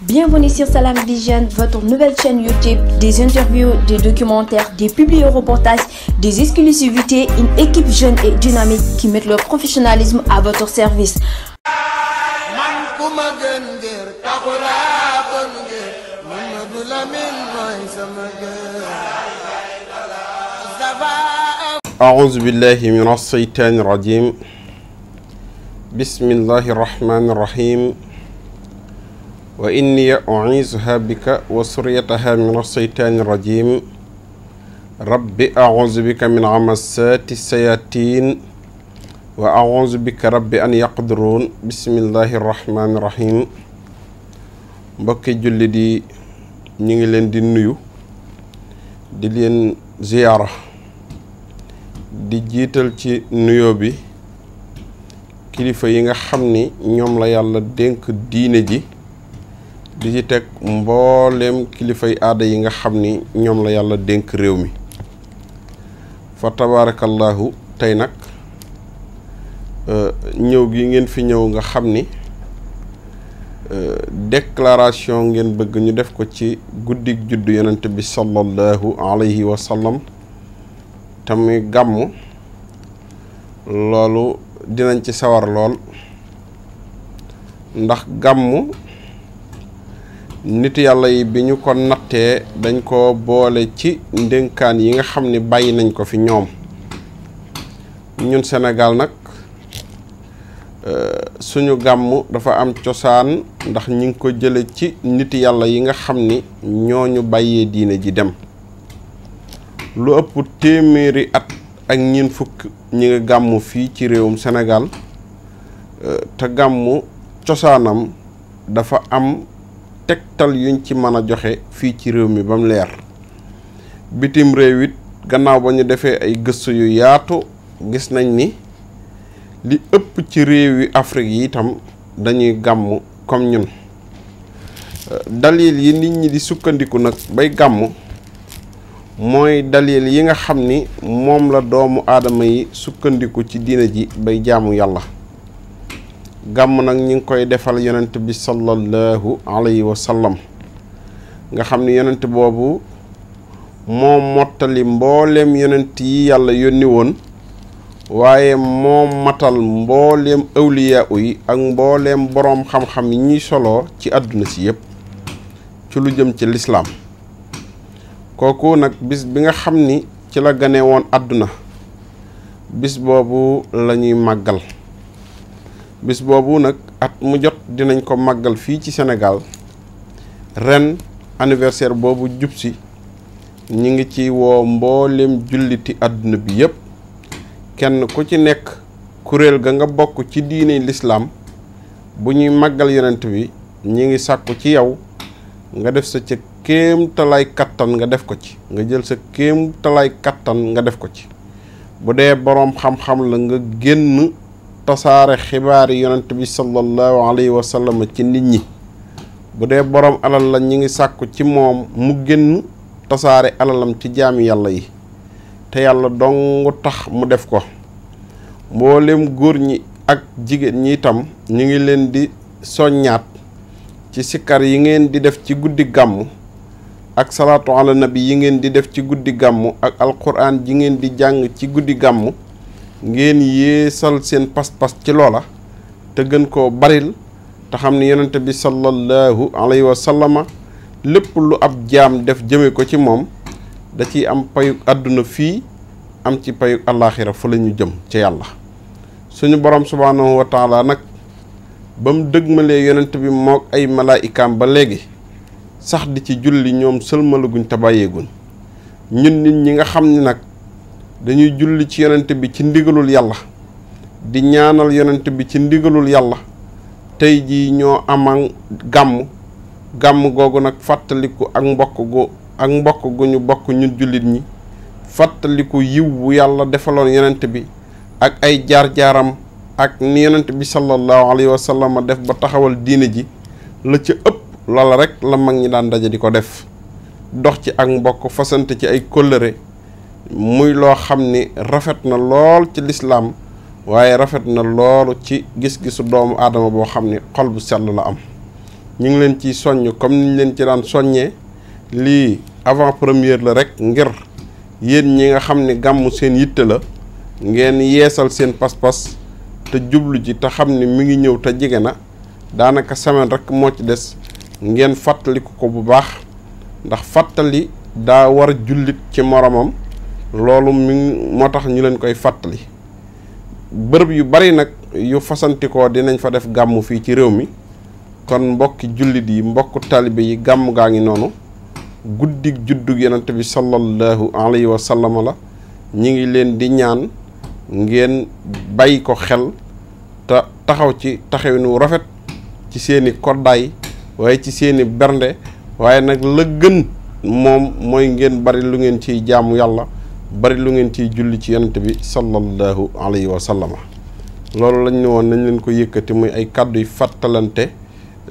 Bienvenue sur Salam Vision, votre nouvelle chaîne YouTube, des interviews, des documentaires, des publi des exclusivités, une équipe jeune et dynamique qui met leur professionnalisme à votre service. أعوذ بالله من الشيطان الرجيم بسم الله الرحمن الرحيم wa inni u'iizuha bika wa suriyataha min asseytaani irrajim rabbi a'uuzu bika min amasaati sayaatiin wa a'uuzu bika rabbi an yaqduruun bismillahi irrahmaani irrahim mbokki jullit yi ñu ngi leen di nuyu di leen ziyaara di jiital ci nuyoo bi kilifa yi nga xam ni ñoom la yàlla dénk diine ji di ci teg mboolem kilifay aada yi nga xam ni ñoom la yàlla dénk réew mi fa tabaarakallaahu tey nag euh, ñëw gi ngeen fi ñëw nga xam ni euh, déclaration ngeen bëgg ñu def ko ci guddig juddu yonent bi sallallahu alayhi wa sallam te muy gàmm loolu dinañ ci sawar lool ndax gàmm nit yàlla yi bi ñu ko nattee dañ ko boole ci ndénkaan yi nga xam ni bàyyi nañ ko fi ñoom ñun Sénégal nag euh, suñu gàmm dafa am cosaan ndax ñu ngi ko jële ci nit yàlla yi nga xam ni ñoo ñu bàyyee diine ji dem lu ëpp téeméeri at ak ñeent fukk ñi nga gàmm fii ci réewum Sénégal euh, te gàmm cosaanam dafa am tegtal yuñ ci mën a joxe fii ci réew mi ba mu leer bitim réew it gannaaw ba ñu defee ay gëstu yu yaatu gis nañ ni li ëpp ci réew yu Afrique yi itam dañuy gàmm comme ñun euh, dalil yi nit ñi di sukkandiku nag bay gàmm mooy dalil yi nga xam ni moom la doomu aadama yi sukkandiku ci diina ji bay jaamu yàlla gàmm nag ñi ngi koy defal yonent bi sallallahu alayhi wa sallam nga xam ni yonent boobu moo mottali mbooleem yonent yi yàlla yónni woon waaye moo matal mbooleem awliyaa yi ak mbooleem boroom xam-xam yi ñuy soloo ci àdduna si yépp ci lu jëm ci lislaam kooku nag bis bi nga xam ni ci la gane woon àdduna bis boobu lañuy màggal bis boobu nag at mu jot dinañ ko màggal fii ci Sénégal ren anniversaire boobu jub si ñi ngi ci woo mboolem julliti àdduna bi yépp kenn ku ci nekk kuréel ga nga bokk ci diine lislaam bu ñuy màggal yonent bi ñi ngi sàkku ci yow nga def sa ca kéem kattan nga def ko ci nga jël sa kéem talaay kattan nga def ko ci bu dee boroom xam-xam la nga génn tasaare xibaari yonent bi sallallahu alayhi wa sallam ci nit ñi bu dee boroom alal la ñu ngi sàkku ci moom mu génn tasaare alalam ci jaami yàlla yi te yàlla dong tax mu def ko mboolem góor ñi ak jigéen ñi itam ñu ngi leen di soññaat ci sikkar yi ngeen di def ci guddi gàmm ak salaatu ala nabi yi ngeen di def ci guddi gàmm ak alquran ji ngeen di jàng ci guddi gàmm ngeen yéesal seen pas-pas ci loola te gën koo baril te xam ne yonente bi sallallahu alayhi wa sallama lépp lu ab jaam def jëme ko ci moom da ciy am payu àdduna fii am ci payu àllaaxira fa la ñu jëm ca yàlla suñu borom subhaanahu nag ba mu dëgmalee yonent bi moog ay malaayikaam ba léegi sax di ci julli ñoom sëlmalaguñ te bàyyeeguñ ñun nit ñi nga xam ni nag dañuy julli ci yonent bi ci ndigalul yàlla di ñaanal yonent bi ci ndigalul yàlla tey jii ñoo aman gàmm gàmm googu nag fàttaliku ak mbokk gu ñu bokk ñun jullit ñi fàttaliku yiw bu yàlla defaloon yonent bi ak ay jaar-jaaram ak ni yonent bi sallallahu alayhi wa def ba taxawal diine ji la ca ëpp loola rek la mag ñi daan daje di ko def dox ci ak mbokk fasante ci ay kóllëre muy loo xam ni rafet na lool ci lislaam waaye rafet na loolu ci gis-gisu doomu aadama boo xam ni xol bu sell la am ñu ngi leen ci soññ comme niñ leen ci daan soññee lii avant première la rek ngir yéen ñi nga xam ni gàmmu seen yitte la ngeen yeesal seen pas-pas te jublu ji te xam ni mi ngi ñëw te jege na daanaka semaine rek moo ci des ngeen fàttaliku ko bu baax ndax fàttali daa war jullit ci moromam loolu mi moo tax ñu leen koy fàttali bërëb yu bari nag yu fasantikoo dinañ fa def gàmm fii ci réew mi kon mbokki jullit yi mbokk taalibe yi gàmm gaa ngi noonu guddig juddug yonent bi sallallahu alayhi wa sallam la ñu ngi leen di ñaan ngeen bàyyi ko xel te taxaw ci taxawinu rafet ci seeni koddaay waaye ci seeni bernde waaye nag la gën moom mooy ngeen bari lu ngeen ciy jaamu yàlla bari lu ngeen ciy julli ci yonent bi sallallahu alayhi wa sallama loolu lañ ne woon nañ leen ko yëkkati muy ay kàddu yu fàttalante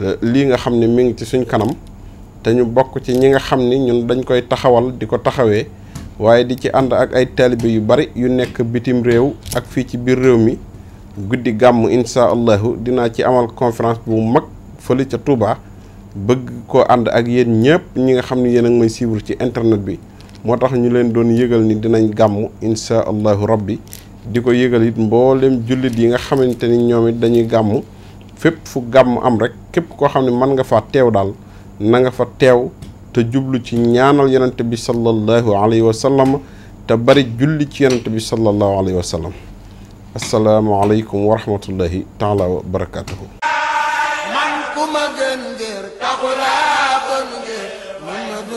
eh, lii nga xam ne mi ngi ci suñ kanam te ñu bokk ci ñi nga xam ni ñun dañ koy taxawal di ko taxawee waaye di ci ànd ak ay taalibe yu bari yu nekk bitim réew ak fii ci biir réew mi guddi gàmm insha allahu dinaa ci amal conférence bu mag fële ca Touba bëgg ko ànd ak yéen ñëpp ñi nga xam ne yéen a ngi may suivre ci internet bi moo tax ñu leen doon yégal ni dinañ gàmm insha allahu rabbi di ko yëgal it mboolem jullit yi nga xamante ni ñoom it dañuy gàmm fépp fu gàmm am rek képp koo xam ne mën nga fa teew daal na nga fa teew te jublu ci ñaanal yonent bi sallallahu alayhi wa te bari julli ci yonent bi sallallahu alayhi wa sallam assalaamu aleykum wa rahmatullahi taala wa barakatuhu